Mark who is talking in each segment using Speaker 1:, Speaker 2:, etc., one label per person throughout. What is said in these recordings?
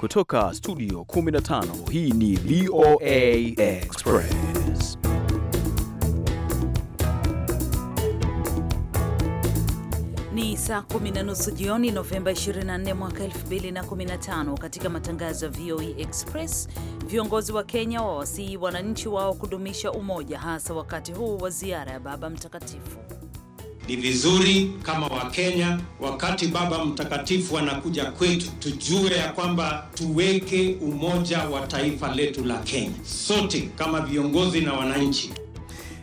Speaker 1: Kutoka studio 15 hii ni VOA Express.
Speaker 2: Ni saa kumi na nusu jioni Novemba 24 mwaka 2015. Katika matangazo ya VOA Express, viongozi wa Kenya wawasihi wananchi wao kudumisha umoja, hasa wakati huu wa ziara ya Baba Mtakatifu.
Speaker 3: Ni vizuri kama Wakenya, wakati Baba Mtakatifu anakuja kwetu, tujue ya kwamba tuweke umoja wa taifa letu la Kenya, sote kama viongozi na wananchi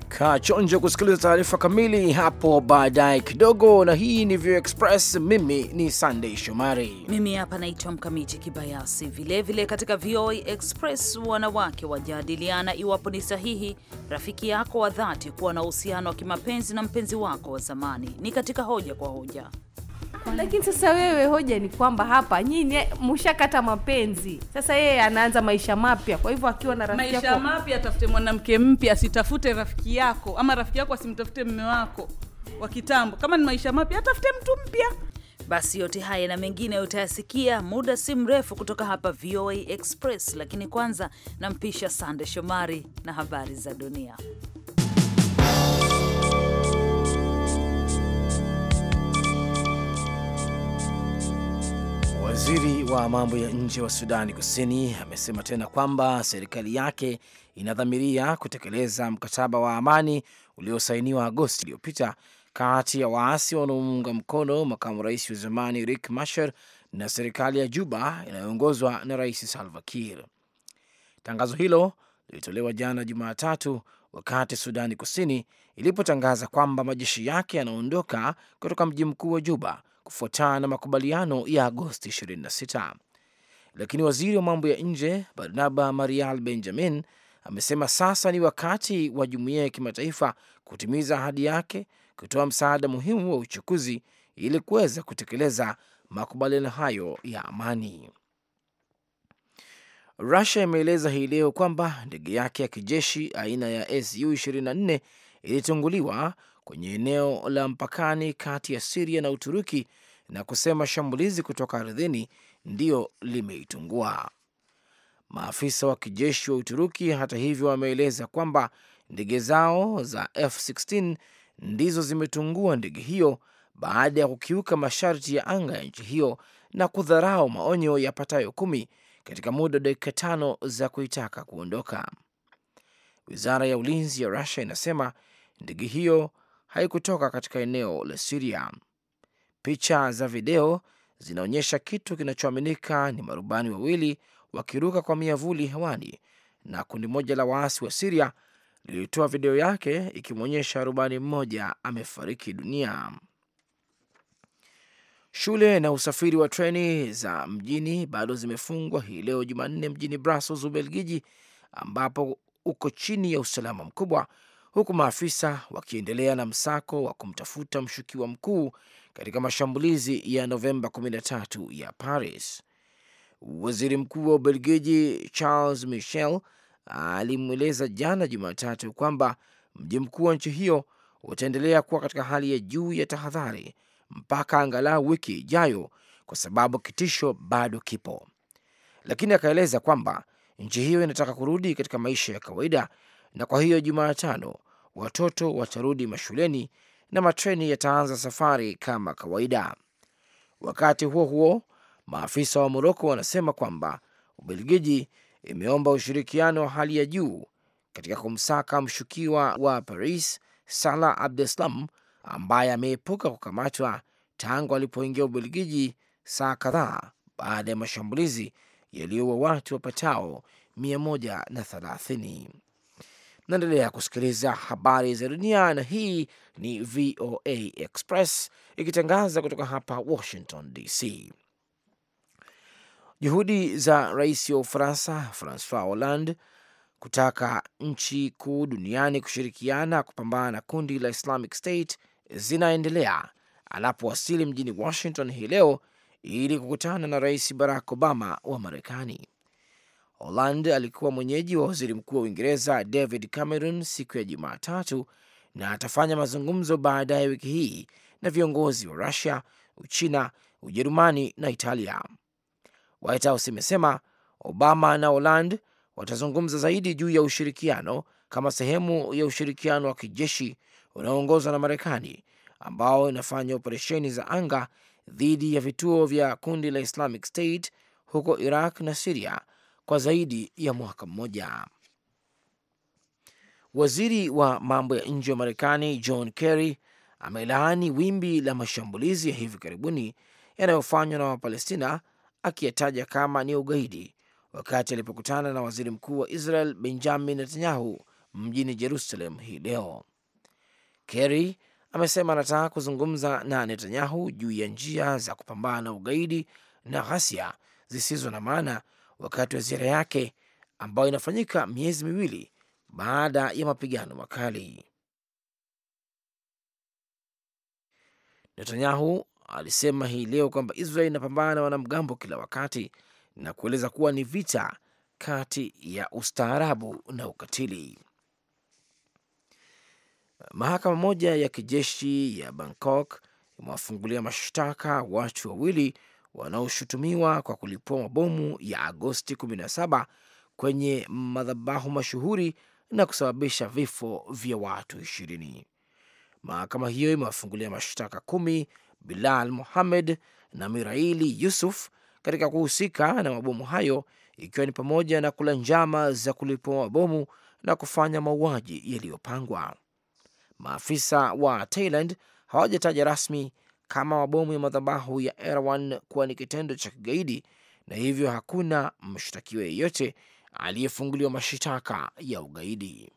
Speaker 4: Kaa chonjo kusikiliza taarifa kamili hapo baadaye kidogo. Na hii ni View Express, mimi ni sandey Shomari,
Speaker 2: mimi hapa naitwa Mkamiti Kibayasi. Vilevile vile katika VOA Express, wanawake wajadiliana iwapo ni sahihi rafiki yako wa dhati kuwa na uhusiano wa kimapenzi na mpenzi wako wa zamani. Ni katika hoja kwa hoja.
Speaker 5: Lakini sasa wewe, hoja ni kwamba hapa nyinyi mshakata mapenzi, sasa yeye anaanza maisha mapya. Kwa hivyo akiwa na rafiki yako maisha mapya,
Speaker 6: atafute mwanamke mpya, asitafute rafiki yako, ama rafiki yako asimtafute mume wako wa kitambo. Kama ni maisha mapya, atafute mtu mpya.
Speaker 2: Basi yote haya na mengine utayasikia muda si mrefu kutoka hapa VOA Express, lakini kwanza nampisha Sande Shomari na habari za dunia.
Speaker 7: Waziri
Speaker 4: wa mambo ya nje wa Sudani Kusini amesema tena kwamba serikali yake inadhamiria kutekeleza mkataba wa amani uliosainiwa Agosti iliyopita kati ya waasi wanaomuunga mkono makamu rais wa zamani rik masher na serikali ya Juba inayoongozwa na Rais Salva Kiir. Tangazo hilo lilitolewa jana Jumatatu wakati Sudani Kusini ilipotangaza kwamba majeshi yake yanaondoka kutoka mji mkuu wa Juba kufuatana na makubaliano ya Agosti 26. Lakini waziri wa mambo ya nje Barnaba Marial Benjamin amesema sasa ni wakati wa jumuiya ya kimataifa kutimiza ahadi yake kutoa msaada muhimu wa uchukuzi ili kuweza kutekeleza makubaliano hayo ya amani. Rusia imeeleza hii leo kwamba ndege yake ya kijeshi aina ya Su 24 ilitunguliwa kwenye eneo la mpakani kati ya Siria na Uturuki na kusema shambulizi kutoka ardhini ndiyo limeitungua. Maafisa wa kijeshi wa Uturuki hata hivyo wameeleza kwamba ndege zao za F16 ndizo zimetungua ndege hiyo baada ya kukiuka masharti ya anga ya nchi hiyo na kudharau maonyo ya patayo kumi katika muda wa dakika tano za kuitaka kuondoka. Wizara ya ulinzi ya Rusia inasema ndege hiyo haikutoka katika eneo la Siria. Picha za video zinaonyesha kitu kinachoaminika ni marubani wawili wakiruka kwa miavuli hewani, na kundi moja la waasi wa Siria lilitoa video yake ikimwonyesha rubani mmoja amefariki dunia. Shule na usafiri wa treni za mjini bado zimefungwa hii leo Jumanne mjini Brussels, Ubelgiji, ambapo uko chini ya usalama mkubwa huku maafisa wakiendelea na msako wa kumtafuta mshukiwa mkuu katika mashambulizi ya Novemba 13 ya Paris. Waziri mkuu wa Ubelgiji Charles Michel alimweleza jana Jumatatu kwamba mji mkuu wa nchi hiyo utaendelea kuwa katika hali ya juu ya tahadhari mpaka angalau wiki ijayo, kwa sababu kitisho bado kipo, lakini akaeleza kwamba nchi hiyo inataka kurudi katika maisha ya kawaida, na kwa hiyo Jumatano watoto watarudi mashuleni na matreni yataanza safari kama kawaida. Wakati huo huo, maafisa wa Moroko wanasema kwamba Ubelgiji imeomba ushirikiano wa hali ya juu katika kumsaka mshukiwa wa Paris Salah Abdeslam ambaye ameepuka kukamatwa tangu alipoingia Ubelgiji saa kadhaa baada ya mashambulizi yaliyoua watu wapatao 130. Naendelea kusikiliza habari za dunia, na hii ni VOA Express ikitangaza kutoka hapa Washington DC. Juhudi za rais wa Ufaransa Francois Hollande kutaka nchi kuu duniani kushirikiana kupambana na kundi la Islamic State zinaendelea anapowasili mjini Washington hii leo ili kukutana na rais Barack Obama wa Marekani. Holand alikuwa mwenyeji wa waziri mkuu wa Uingereza David Cameron siku ya Jumatatu na atafanya mazungumzo baadaye wiki hii na viongozi wa Rusia, Uchina, Ujerumani na Italia. White House imesema Obama na Holand watazungumza zaidi juu ya ushirikiano kama sehemu ya ushirikiano wa kijeshi unaoongozwa na Marekani ambao inafanya operesheni za anga dhidi ya vituo vya kundi la Islamic State huko Iraq na Siria kwa zaidi ya mwaka mmoja. Waziri wa mambo ya nje wa Marekani John Kerry amelaani wimbi la mashambulizi ya hivi karibuni yanayofanywa na Wapalestina akiyataja kama ni ugaidi, wakati alipokutana na waziri mkuu wa Israel Benjamin Netanyahu mjini Jerusalem hii leo. Kerry amesema anataka kuzungumza na Netanyahu juu ya njia za kupambana na ugaidi na ghasia zisizo na maana wakati wa ziara yake ambayo inafanyika miezi miwili baada ya mapigano makali. Netanyahu alisema hii leo kwamba Israel inapambana na wanamgambo kila wakati na kueleza kuwa ni vita kati ya ustaarabu na ukatili. Mahakama moja ya kijeshi ya Bangkok imewafungulia mashtaka watu wawili wanaoshutumiwa kwa kulipua mabomu ya Agosti 17 kwenye madhabahu mashuhuri na kusababisha vifo vya watu ishirini. Mahakama hiyo imewafungulia mashtaka kumi Bilal Muhamed na Miraili Yusuf katika kuhusika na mabomu hayo, ikiwa ni pamoja na kula njama za kulipua mabomu na kufanya mauaji yaliyopangwa. Maafisa wa Thailand hawajataja rasmi kama mabomu ya madhabahu ya Erwan kuwa ni kitendo cha kigaidi, na hivyo hakuna mshtakiwa yeyote aliyefunguliwa mashitaka ya ugaidi.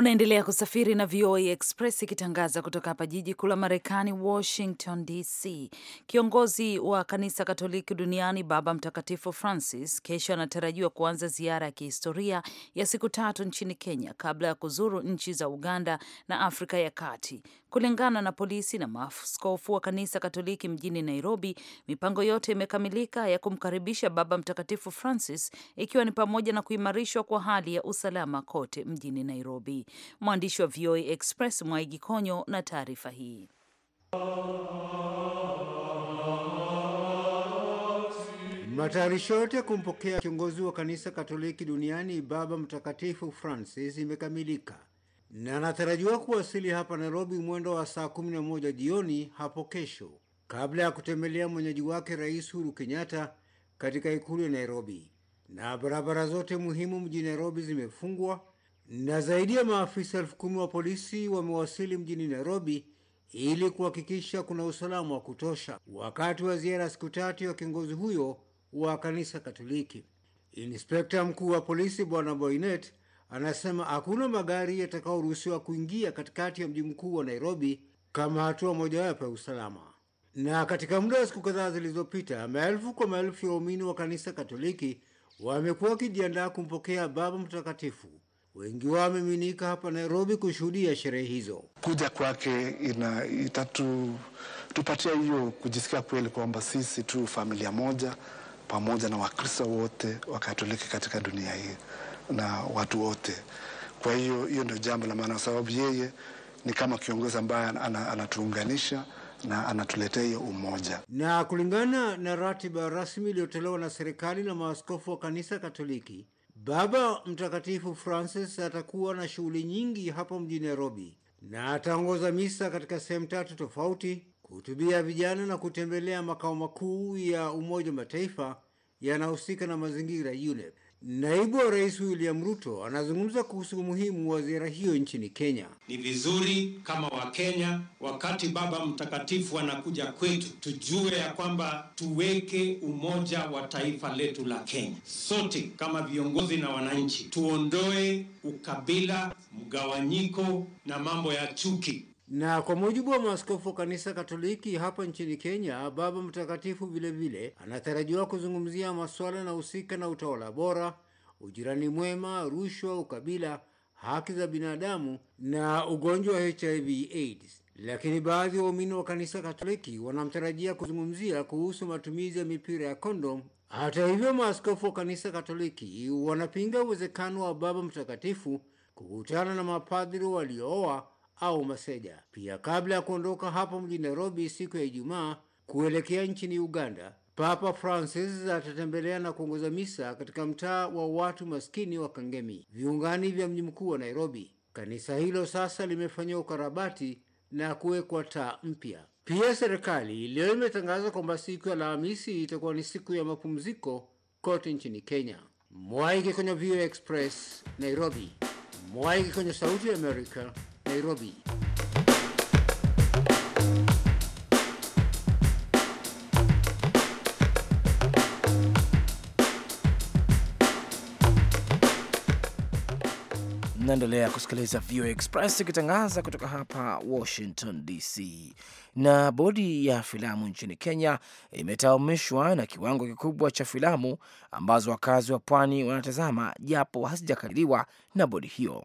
Speaker 2: Unaendelea kusafiri na VOA Express ikitangaza kutoka hapa jiji kuu la Marekani, Washington DC. Kiongozi wa kanisa Katoliki duniani Baba Mtakatifu Francis kesho anatarajiwa kuanza ziara ya kihistoria ya siku tatu nchini Kenya kabla ya kuzuru nchi za Uganda na Afrika ya Kati Kulingana na polisi na maaskofu wa kanisa Katoliki mjini Nairobi, mipango yote imekamilika ya kumkaribisha Baba Mtakatifu Francis, ikiwa ni pamoja na kuimarishwa kwa hali ya usalama kote mjini Nairobi. Mwandishi wa VOA Express Mwaigi Konyo na taarifa hii.
Speaker 8: Matayarisho yote ya kumpokea kiongozi wa kanisa Katoliki duniani Baba Mtakatifu Francis imekamilika na anatarajiwa kuwasili hapa Nairobi mwendo wa saa 11 jioni hapo kesho, kabla ya kutembelea mwenyeji wake Rais Uhuru Kenyatta katika ikulu ya Nairobi. Na barabara zote muhimu mjini Nairobi zimefungwa na zaidi ya maafisa elfu kumi wa polisi wamewasili mjini Nairobi ili kuhakikisha kuna usalama wa kutosha wakati wa ziara siku tatu ya kiongozi huyo wa kanisa Katoliki. Inspekta mkuu wa polisi Bwana Boynet anasema hakuna magari yatakayoruhusiwa kuingia katikati ya mji mkuu wa Nairobi kama hatua mojawapo ya usalama. Na katika muda wa siku kadhaa zilizopita, maelfu kwa maelfu ya waumini wa kanisa Katoliki wamekuwa wakijiandaa kumpokea Baba Mtakatifu. Wengi wao wamiminika hapa Nairobi kushuhudia sherehe hizo. Kuja kwake itatupatia hiyo kujisikia kweli kwamba sisi tu familia moja pamoja na Wakristo wote Wakatoliki katika dunia hii na watu wote. Kwa hiyo hiyo ndio jambo la maana, kwa sababu yeye ni kama kiongozi ambaye anatuunganisha na anatuletea hiyo umoja. Na kulingana na ratiba rasmi iliyotolewa na serikali na maaskofu wa kanisa Katoliki, Baba Mtakatifu Francis atakuwa na shughuli nyingi hapo mjini Nairobi, na ataongoza misa katika sehemu tatu tofauti, kuhutubia vijana na kutembelea makao makuu ya Umoja wa Mataifa yanahusika na mazingira UNEP. Naibu wa Rais William Ruto anazungumza kuhusu umuhimu wa ziara hiyo nchini Kenya. Ni vizuri
Speaker 3: kama Wakenya, wakati Baba Mtakatifu anakuja kwetu, tujue ya kwamba tuweke umoja wa taifa letu la Kenya. Sote kama viongozi na wananchi, tuondoe ukabila, mgawanyiko na mambo ya
Speaker 8: chuki. Na kwa mujibu wa maaskofu wa kanisa Katoliki hapa nchini Kenya, Baba Mtakatifu vilevile anatarajiwa kuzungumzia masuala husika na utawala bora, ujirani mwema, rushwa, ukabila, haki za binadamu na ugonjwa wa HIV AIDS. Lakini baadhi ya waumini wa kanisa Katoliki wanamtarajia kuzungumzia kuhusu matumizi ya mipira ya kondom. Hata hivyo, maaskofu wa kanisa Katoliki wanapinga uwezekano wa Baba Mtakatifu kukutana na mapadhiri waliooa au Maseja. Pia kabla ya kuondoka hapo mjini Nairobi siku ya Ijumaa kuelekea nchini Uganda, Papa Francis atatembelea na kuongoza misa katika mtaa wa watu maskini wa Kangemi, viungani vya mji mkuu wa Nairobi. Kanisa hilo sasa limefanyia ukarabati na kuwekwa taa mpya. Pia serikali leo imetangaza kwamba siku ya Alhamisi itakuwa ni siku ya mapumziko kote nchini Kenya. Mwaike kwenye VOA Express Nairobi, Mwaike kwenye Sauti ya Amerika. Nairobi.
Speaker 4: Naendelea kusikiliza VOA Express ikitangaza kutoka hapa Washington DC. Na bodi ya filamu nchini Kenya imetaumishwa na kiwango kikubwa cha filamu ambazo wakazi wa pwani wanatazama, japo hazijakadiriwa na bodi hiyo.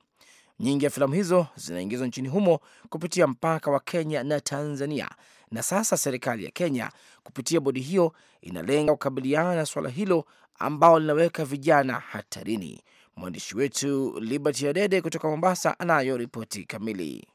Speaker 4: Nyingi ya filamu hizo zinaingizwa nchini humo kupitia mpaka wa Kenya na Tanzania, na sasa serikali ya Kenya kupitia bodi hiyo inalenga kukabiliana na suala hilo ambalo linaweka vijana hatarini. Mwandishi wetu Liberty Adede kutoka Mombasa anayo ripoti kamili.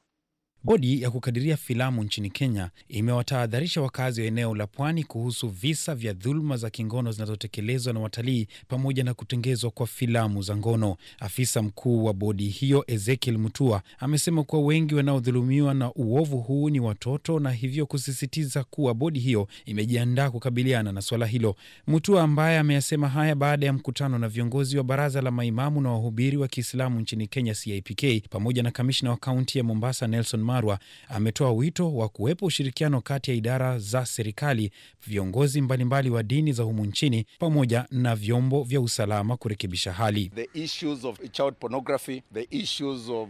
Speaker 3: Bodi ya kukadiria filamu nchini Kenya imewatahadharisha wakazi wa eneo la pwani kuhusu visa vya dhuluma za kingono zinazotekelezwa na watalii pamoja na kutengezwa kwa filamu za ngono. Afisa mkuu wa bodi hiyo Ezekiel Mutua amesema kuwa wengi wanaodhulumiwa na uovu huu ni watoto na hivyo kusisitiza kuwa bodi hiyo imejiandaa kukabiliana na swala hilo. Mutua ambaye ameyasema haya baada ya mkutano na viongozi wa baraza la maimamu na wahubiri wa Kiislamu nchini Kenya CIPK pamoja na kamishna wa kaunti ya Mombasa Nelson Marwa ametoa wito wa kuwepo ushirikiano kati ya idara za serikali, viongozi mbalimbali wa dini za humu nchini, pamoja na vyombo vya usalama kurekebisha hali. Uh,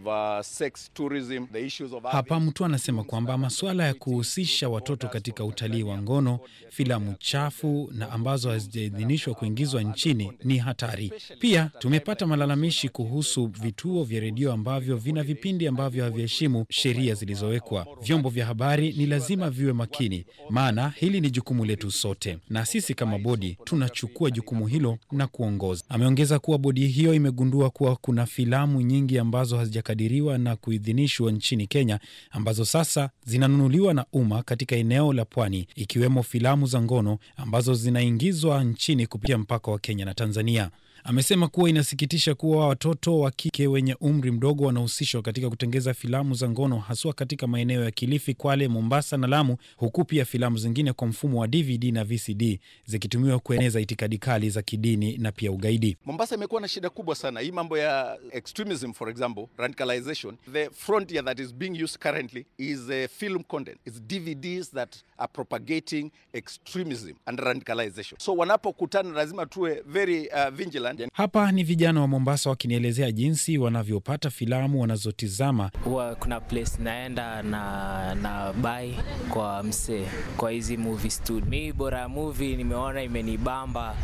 Speaker 3: Hapa mtu anasema kwamba masuala ya kuhusisha watoto katika utalii wa ngono, filamu chafu na ambazo hazijaidhinishwa kuingizwa nchini ni hatari. Pia tumepata malalamishi kuhusu vituo vya redio ambavyo vina vipindi ambavyo haviheshimu sheria sheria zilizowekwa. Vyombo vya habari ni lazima viwe makini, maana hili ni jukumu letu sote, na sisi kama bodi tunachukua jukumu hilo na kuongoza. Ameongeza kuwa bodi hiyo imegundua kuwa kuna filamu nyingi ambazo hazijakadiriwa na kuidhinishwa nchini Kenya ambazo sasa zinanunuliwa na umma katika eneo la pwani, ikiwemo filamu za ngono ambazo zinaingizwa nchini kupitia mpaka wa Kenya na Tanzania. Amesema kuwa inasikitisha kuwa watoto wa kike wenye umri mdogo wanahusishwa katika kutengeza filamu za ngono haswa katika maeneo ya Kilifi, Kwale, Mombasa na Lamu, huku pia filamu zingine kwa mfumo wa DVD na VCD zikitumiwa kueneza itikadi kali za kidini na pia ugaidi. Mombasa imekuwa na shida kubwa sana hii mambo ya extremism, for example radicalization. The frontier that is being used currently is a film content. It's DVDs that are propagating extremism and radicalization. So wanapokutana lazima tuwe very uh, vigilant hapa ni vijana wa Mombasa wakinielezea jinsi wanavyopata filamu wanazotizama.
Speaker 4: Huwa kuna place naenda na, na bai kwa msee kwa hizi movie studio. Mi bora ya movie nimeona imenibamba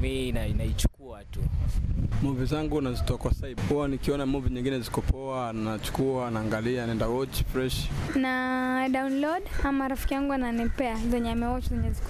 Speaker 4: mi inaichukua tu Muvi zangu nazitoa kwa sai Huwa nikiona muvi nyingine ziko poa, nachukua naangalia, naenda watch fresh
Speaker 5: na download, ama rafiki yangu ananipea zenye amewatch zenye ziko.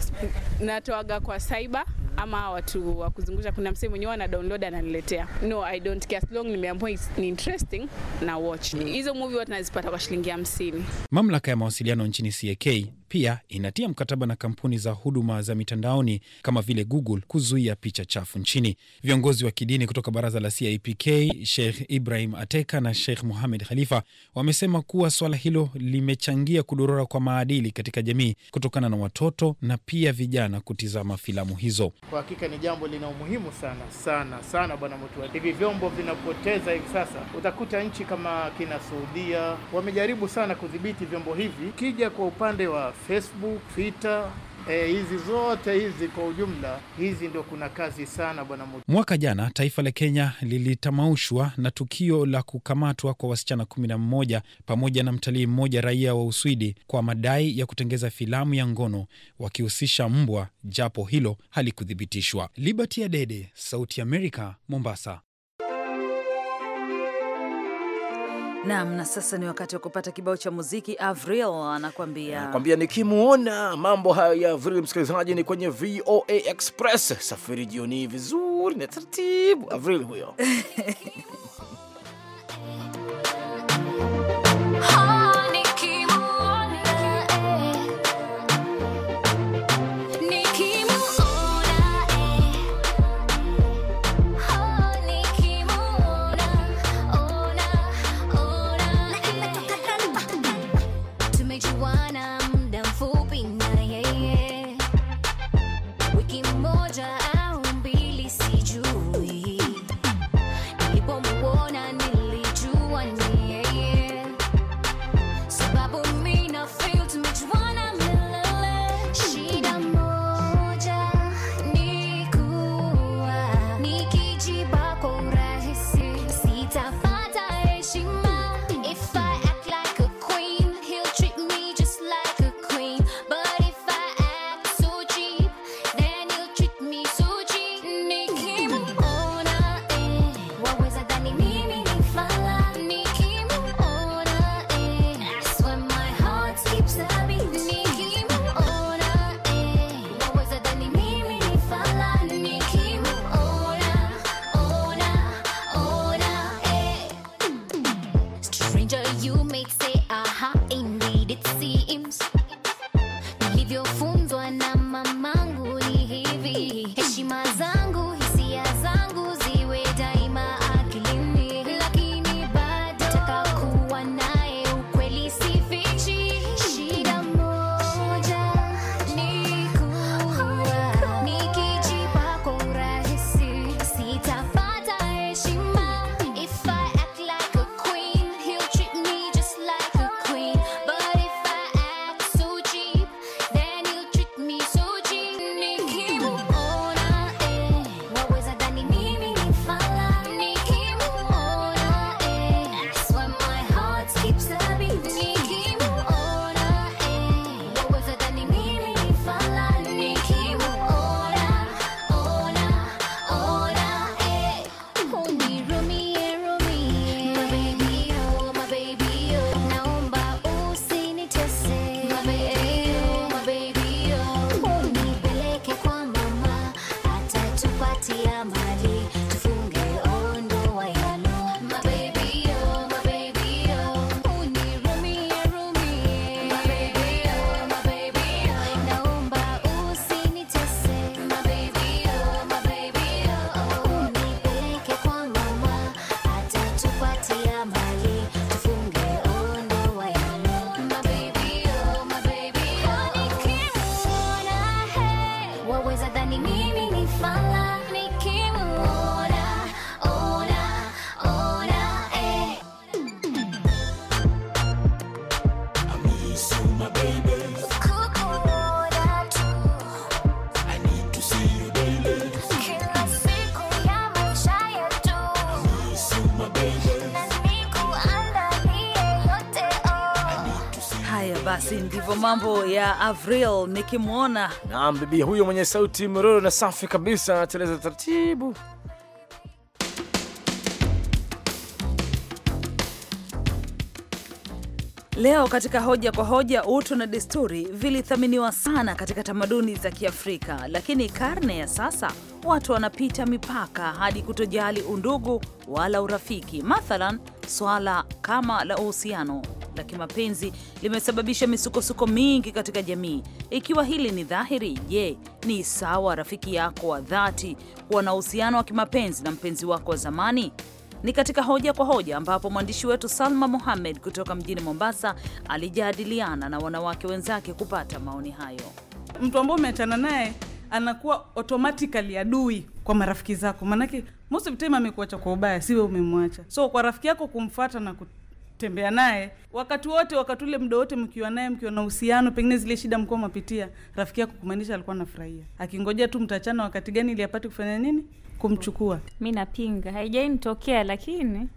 Speaker 6: Natoaga kwa cyber ama watu wa kuzungusha. Kuna msee mwenyewe ana download ananiletea, no I don't care as long nimeamua ni interesting na watch mm. hizo movie, watu nazipata kwa shilingi hamsini.
Speaker 3: Mamlaka ya mawasiliano nchini CAK pia inatia mkataba na kampuni za huduma za mitandaoni kama vile Google kuzuia picha chafu nchini. Viongozi wa kidini kutoka baraza la CIPK Sheikh Ibrahim Ateka na Sheikh Muhamed Khalifa wamesema kuwa swala hilo limechangia kudorora kwa maadili katika jamii kutokana na watoto na pia vijana kutizama filamu hizo.
Speaker 9: Kwa hakika ni jambo lina umuhimu sana sana sana, bwana Mutua. Hivi vyombo vinapoteza hivi sasa, utakuta nchi kama kina Saudia wamejaribu sana kudhibiti vyombo hivi. Kija kwa upande wa Facebook, Twitter Eh, hizi zote hizi kwa ujumla, hizi ndo kuna kazi sana bwana.
Speaker 3: Mwaka jana taifa la Kenya lilitamaushwa na tukio la kukamatwa kwa wasichana kumi na mmoja pamoja na mtalii mmoja raia wa Uswidi kwa madai ya kutengeza filamu ya ngono wakihusisha mbwa, japo hilo halikuthibitishwa. Liberty Adede, Sauti ya Amerika, Mombasa.
Speaker 2: Naam, na sasa ni wakati wa kupata kibao cha muziki. Avril anakuambia anakuambia,
Speaker 4: nikimuona. Mambo hayo ya Avril, msikilizaji, ni kwenye VOA Express. Safiri jioni vizuri na taratibu, Avril huyo
Speaker 2: hivyo mambo ya Avril nikimwona.
Speaker 4: Naam, bibi huyo mwenye sauti mroro na safi kabisa anateleza taratibu.
Speaker 2: Leo katika hoja kwa hoja, utu na desturi vilithaminiwa sana katika tamaduni za Kiafrika, lakini karne ya sasa watu wanapita mipaka hadi kutojali undugu wala urafiki, mathalan swala kama la uhusiano la kimapenzi limesababisha misukosuko mingi katika jamii. Ikiwa hili ni dhahiri, je, ni sawa rafiki yako wa dhati kuwa na uhusiano wa kimapenzi na mpenzi wako wa zamani? Ni katika hoja kwa hoja ambapo mwandishi wetu Salma Mohamed kutoka mjini Mombasa
Speaker 6: alijadiliana na wanawake wenzake kupata maoni hayo. Mtu ambaye umeachana naye anakuwa automatically adui kwa marafiki zako, maanake most of time amekuacha kwa ubaya, siwe umemwacha. So kwa rafiki yako kumfuata na tembea naye wakati wote, wakati ule, muda wote, mkiwa naye, mkiwa na uhusiano, pengine zile shida mkuwa mapitia, rafiki yako kumaanisha alikuwa nafurahia akingojea tu mtachana wakati gani ili apate kufanya nini, kumchukua. Mi napinga, haijai nitokea, lakini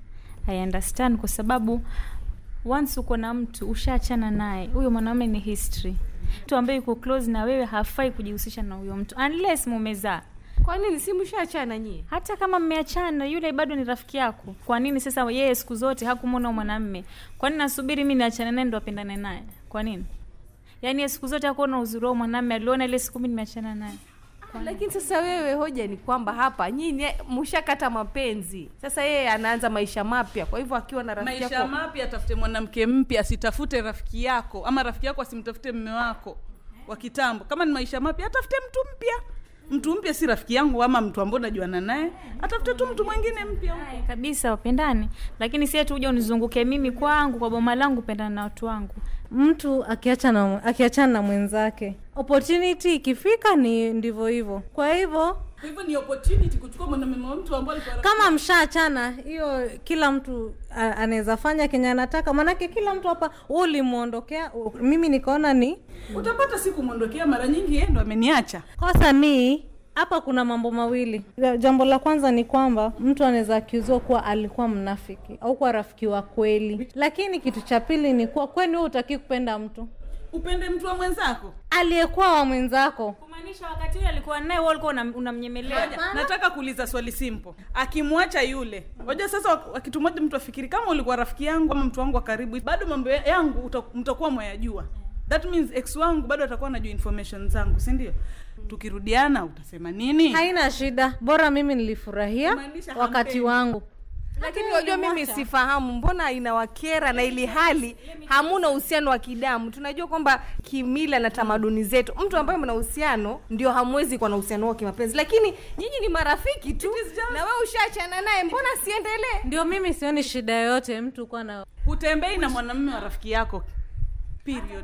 Speaker 6: I understand kwa sababu once uko na mtu
Speaker 5: ushaachana naye, huyo mwanaume ni history. Mtu ambaye uko close na wewe hafai kujihusisha na huyo mtu unless mumezaa kwa nini si mshaachana nyie? Hata kama mmeachana, yule bado ni rafiki yako. Kwa nini sasa yeye siku zote hakumwona mwanamme? Kwa nini nasubiri mimi niachane naye ndo apendane naye? Kwa nini? Yaani siku zote hakuona uzuri wa mwanamme, aliona ile siku mimi nimeachana naye. Lakini sasa wewe, hoja ni kwamba hapa nyinyi mshakata mapenzi, sasa yeye anaanza maisha mapya. Kwa hivyo akiwa na rafiki maisha
Speaker 6: mapya, atafute mwanamke mpya, asitafute rafiki yako, ama rafiki yako asimtafute mume wako wa kitambo. Kama ni maisha mapya, atafute mtu mpya mtu mpya si rafiki yangu ama mtu ambaye najuana naye, atafute tu mtu mwingine mpya
Speaker 5: huko kabisa, wapendani. Lakini si ati uja unizunguke mimi kwangu kwa boma langu, pendana na watu wangu. Mtu akiachana na, akiachana na mwenzake, opportunity ikifika ni ndivyo hivyo.
Speaker 6: Kwa hivyo hivyo ni opportunity kuchukua mwanamume wa mtu ambaye kama mshaachana,
Speaker 5: hiyo kila mtu anaweza fanya kenye anataka, maanake kila mtu hapa ulimwondokea. Mimi nikaona ni utapata siku mwondokea, mara nyingi yeye ndo ameniacha. Kosa ni hapa kuna mambo mawili. Jambo la kwanza ni kwamba mtu anaweza akiuziwa kuwa alikuwa mnafiki au kuwa rafiki wa kweli, lakini kitu cha pili ni kuwa kweli wewe utaki kupenda mtu
Speaker 6: upende mtu wa mwenzako
Speaker 5: aliyekuwa wa mwenzako
Speaker 6: kumaanisha wakati yule alikuwa naye wewe ulikuwa unamnyemelea una nataka kuuliza swali simple akimwacha yule ngoja sasa kitu mtu afikiri kama ulikuwa rafiki yangu ama mtu wangu wa karibu bado mambo yangu mtakuwa mwayajua that means ex wangu bado atakuwa anajua information zangu si ndio tukirudiana utasema nini haina
Speaker 5: shida bora mimi nilifurahia wakati wangu lakini unajua mimi sifahamu mbona inawakera na ili hali hamuna uhusiano wa kidamu tunajua kwamba kimila na tamaduni zetu mtu ambaye mna uhusiano ndio hamwezi kuwa na uhusiano wa kimapenzi lakini nyinyi ni marafiki tu na we ushaachana naye mbona siendelee ndio mimi sioni shida yoyote mtu kuwa na hutembei na mwanamume wa rafiki yako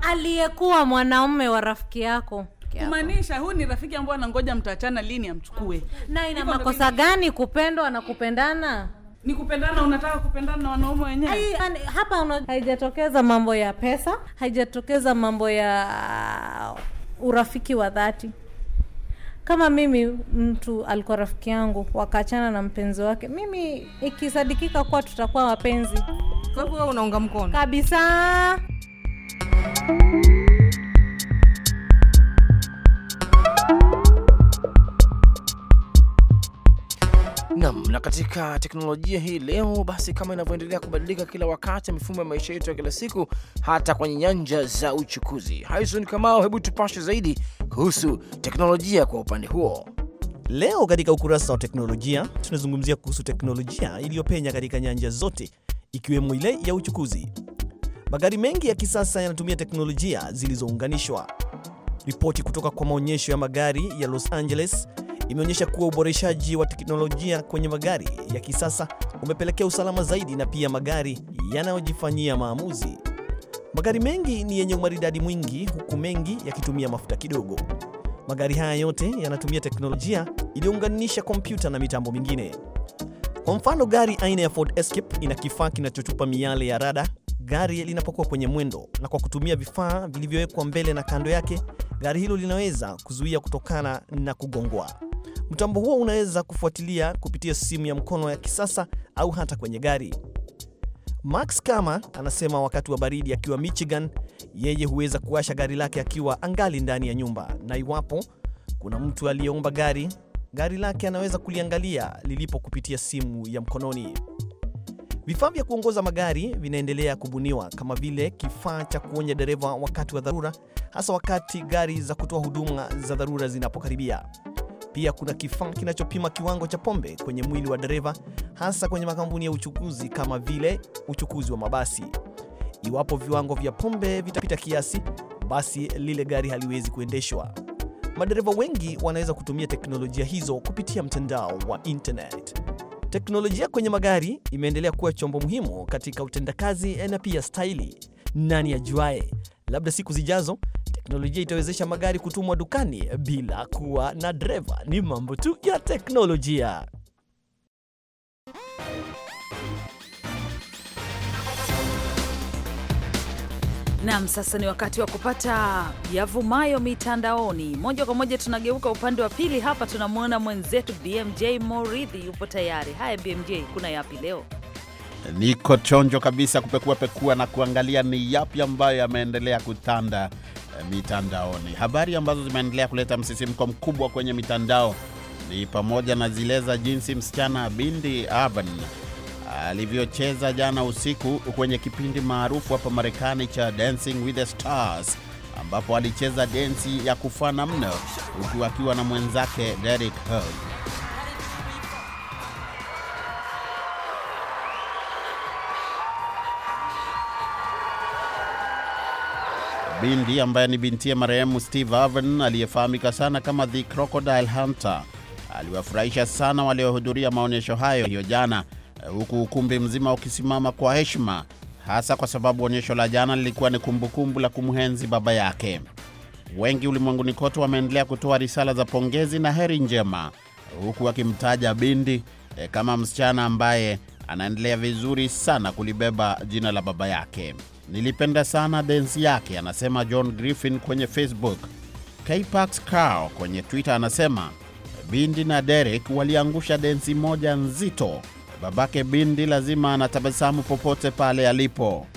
Speaker 6: aliyekuwa mwanaume wa rafiki yako kumaanisha huu ni rafiki ambao anangoja mtaachana lini amchukue na ina makosa
Speaker 5: gani kupendwa na kupendana ni kupendana, unataka kupendana na wanaume wenyewe hapa una... haijatokeza mambo ya pesa, haijatokeza mambo ya urafiki wa dhati. Kama mimi mtu alikuwa rafiki yangu, wakaachana na mpenzi wake, mimi ikisadikika kuwa tutakuwa wapenzi, kwa hivyo unaunga mkono kabisa.
Speaker 4: Nam na katika teknolojia hii leo, basi kama inavyoendelea kubadilika kila wakati mifumo ya maisha yetu ya kila siku, hata kwenye nyanja za uchukuzi. Harison Kamao, hebu tupashe zaidi kuhusu teknolojia kwa upande huo. Leo katika ukurasa wa teknolojia tunazungumzia kuhusu teknolojia
Speaker 1: iliyopenya katika nyanja zote ikiwemo ile ya uchukuzi. Magari mengi ya kisasa yanatumia teknolojia zilizounganishwa. Ripoti kutoka kwa maonyesho ya magari ya Los Angeles imeonyesha kuwa uboreshaji wa teknolojia kwenye magari ya kisasa umepelekea usalama zaidi na pia magari yanayojifanyia maamuzi. Magari mengi ni yenye umaridadi mwingi, huku mengi yakitumia mafuta kidogo. Magari haya yote yanatumia teknolojia iliyounganisha kompyuta na mitambo mingine. Kwa mfano, gari aina ya Ford Escape ina kifaa kinachotupa miale ya rada gari linapokuwa kwenye mwendo, na kwa kutumia vifaa vilivyowekwa mbele na kando yake, gari hilo linaweza kuzuia kutokana na kugongwa. Mtambo huo unaweza kufuatilia kupitia simu ya mkono ya kisasa au hata kwenye gari. Max Kama anasema wakati wa baridi akiwa Michigan, yeye huweza kuwasha gari lake akiwa angali ndani ya nyumba, na iwapo kuna mtu aliyeomba gari, gari lake anaweza kuliangalia lilipo kupitia simu ya mkononi. Vifaa vya kuongoza magari vinaendelea kubuniwa kama vile kifaa cha kuonya dereva wakati wa dharura, hasa wakati gari za kutoa huduma za dharura zinapokaribia. Pia kuna kifaa kinachopima kiwango cha pombe kwenye mwili wa dereva, hasa kwenye makampuni ya uchukuzi kama vile uchukuzi wa mabasi. Iwapo viwango vya pombe vitapita kiasi, basi lile gari haliwezi kuendeshwa. Madereva wengi wanaweza kutumia teknolojia hizo kupitia mtandao wa internet. Teknolojia kwenye magari imeendelea kuwa chombo muhimu katika utendakazi na pia staili. Nani ajuae, Labda siku zijazo teknolojia itawezesha magari kutumwa dukani bila kuwa na dreva Ni mambo tu ya teknolojia.
Speaker 2: Nam, sasa ni wakati wa kupata yavumayo mitandaoni. Moja kwa moja tunageuka upande wa pili. Hapa tunamwona mwenzetu BMJ Moridhi yupo tayari. Haya BMJ, kuna yapi leo?
Speaker 9: niko chonjo kabisa kupekua pekua na kuangalia ni yapi ambayo yameendelea kutanda eh, mitandaoni. Habari ambazo zimeendelea kuleta msisimko mkubwa kwenye mitandao ni pamoja na zile za jinsi msichana Bindi Avan alivyocheza jana usiku kwenye kipindi maarufu hapa Marekani cha Dancing with the Stars, ambapo alicheza densi ya kufana mno huku akiwa na mwenzake Derek Hough. Bindi ambaye ni bintie marehemu Steve Irwin aliyefahamika sana kama The Crocodile Hunter aliwafurahisha sana waliohudhuria maonyesho hayo hiyo jana, huku ukumbi mzima ukisimama kwa heshima, hasa kwa sababu onyesho la jana lilikuwa ni kumbukumbu la kumhenzi baba yake. Wengi ulimwenguni kote wameendelea kutoa risala za pongezi na heri njema, huku akimtaja Bindi e, kama msichana ambaye anaendelea vizuri sana kulibeba jina la baba yake. Nilipenda sana densi yake, anasema John Griffin kwenye Facebook. Kpax Carl kwenye Twitter anasema Bindi na Derek waliangusha densi moja nzito. Babake Bindi lazima anatabasamu popote pale alipo.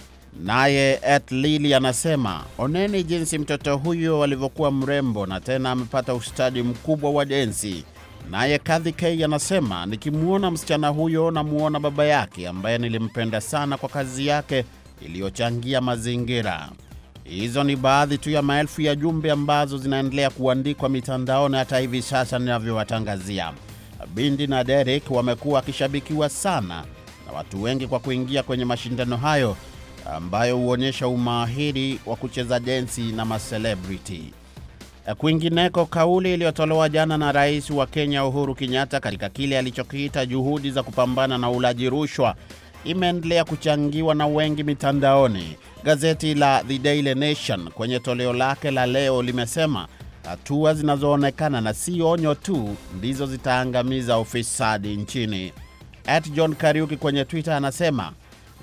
Speaker 9: Naye at Lili anasema oneni jinsi mtoto huyo alivyokuwa mrembo na tena amepata ustadi mkubwa wa densi. Naye Kadhi K anasema nikimwona msichana huyo namuona baba yake ambaye nilimpenda sana kwa kazi yake iliyochangia mazingira. Hizo ni baadhi tu ya maelfu ya jumbe ambazo zinaendelea kuandikwa mitandaoni hata hivi sasa ninavyowatangazia. Bindi na Derek wamekuwa wakishabikiwa sana na watu wengi kwa kuingia kwenye mashindano hayo ambayo huonyesha umahiri wa kucheza densi na maselebrity. Kwingineko, kauli iliyotolewa jana na rais wa Kenya Uhuru Kenyatta katika kile alichokiita juhudi za kupambana na ulaji rushwa imeendelea kuchangiwa na wengi mitandaoni. Gazeti la The Daily Nation kwenye toleo lake la leo limesema hatua zinazoonekana na si onyo tu ndizo zitaangamiza ufisadi nchini. At John Kariuki kwenye Twitter anasema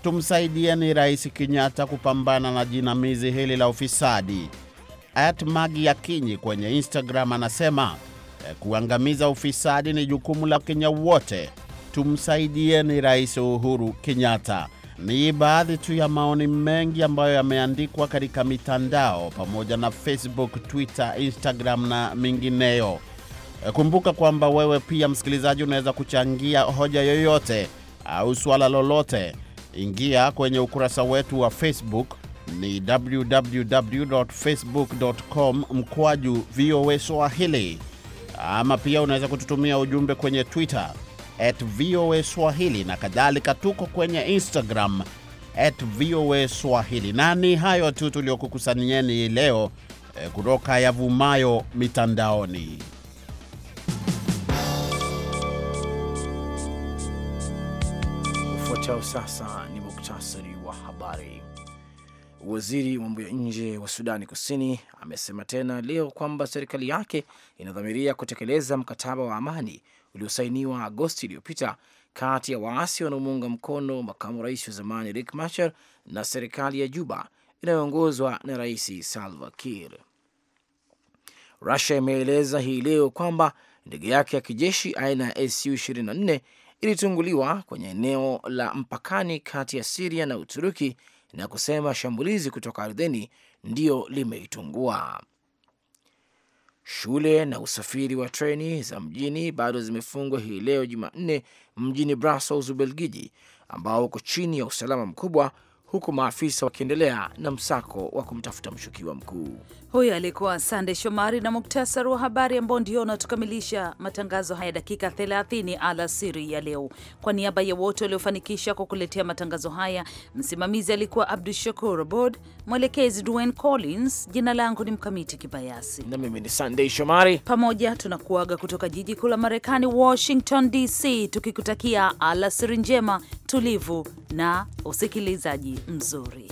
Speaker 9: tumsaidieni Rais Kenyatta kupambana na jinamizi hili la ufisadi. At Magi Yakinyi kwenye Instagram anasema kuangamiza ufisadi ni jukumu la kenya wote tumsaidieni Rais Uhuru Kenyatta. Ni baadhi tu ya maoni mengi ambayo yameandikwa katika mitandao pamoja na Facebook, Twitter, Instagram na mingineyo. Eh, kumbuka kwamba wewe pia msikilizaji, unaweza kuchangia hoja yoyote au swala lolote. Ingia kwenye ukurasa wetu wa Facebook ni www facebookcom mkwaju VOA Swahili, ama pia unaweza kututumia ujumbe kwenye Twitter at VOA Swahili na kadhalika. Tuko kwenye Instagram at VOA Swahili. Na ni hayo tu tuliokukusanyieni leo eh, kutoka yavumayo mitandaoni.
Speaker 4: Ufuatao sasa ni muktasari wa habari. Waziri wa mambo ya nje wa Sudani Kusini amesema tena leo kwamba serikali yake inadhamiria kutekeleza mkataba wa amani uliosainiwa Agosti iliyopita kati ya waasi wanaomuunga mkono makamu rais wa zamani rik Machar na serikali ya Juba inayoongozwa na Rais Salva Kiir. Rusia imeeleza hii leo kwamba ndege yake ya kijeshi aina ya SU 24 ilitunguliwa kwenye eneo la mpakani kati ya Siria na Uturuki na kusema shambulizi kutoka ardhini ndiyo limeitungua. Shule na usafiri wa treni za mjini bado zimefungwa hii leo Jumanne mjini Brussels, Ubelgiji, ambao uko chini ya usalama mkubwa, huku maafisa wakiendelea na msako wa kumtafuta mshukiwa mkuu.
Speaker 2: Huyo alikuwa Sande Shomari na muktasari wa habari ambao ndio unatukamilisha matangazo haya dakika 30 alasiri ya leo. Kwa niaba ya wote waliofanikisha kwa kuletea matangazo haya, msimamizi alikuwa Abdu Shakur Abod, mwelekezi Dwayne Collins, jina langu ni Mkamiti Kibayasi
Speaker 4: na mimi ni Sandei Shomari.
Speaker 2: Pamoja tunakuaga kutoka jiji kuu la Marekani, Washington DC, tukikutakia alasiri njema, tulivu na usikilizaji mzuri.